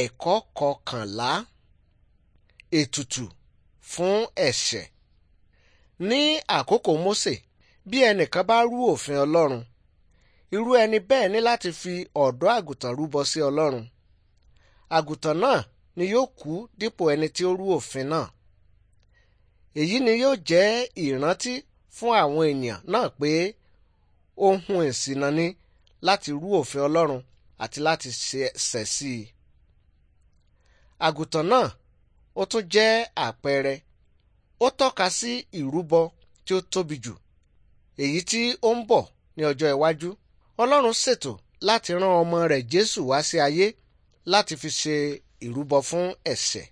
ẹ̀kọ́ kọkànlá ètùtù fún ẹ̀ṣẹ̀ ní àkókò Mósè bí ẹnìkan bá rú òfin Ọlọ́run irú ẹni bẹ́ẹ̀ ní láti fi ọ̀dọ́ àgùntàn rúbọ sí Ọlọ́run àgùntàn náà ni yóò kú dípò ẹni tí ó rú òfin náà èyí ni yóò jẹ́ ìrántí fún àwọn ènìyàn náà pé ohun ìsìnà ni láti rú òfin Ọlọ́run àti láti ṣẹ̀ sí i àgùntàn náà ó tún jẹ́ àpẹẹrẹ ó tọ́ka sí ìrúbọ tí ó tóbi jù èyí tí ó ń bọ̀ ní ọjọ́ iwájú ọlọ́run ṣètò láti rán ọmọ rẹ̀ jésù wá sí ayé láti fi ṣe ìrúbọ fún ẹ̀ṣẹ̀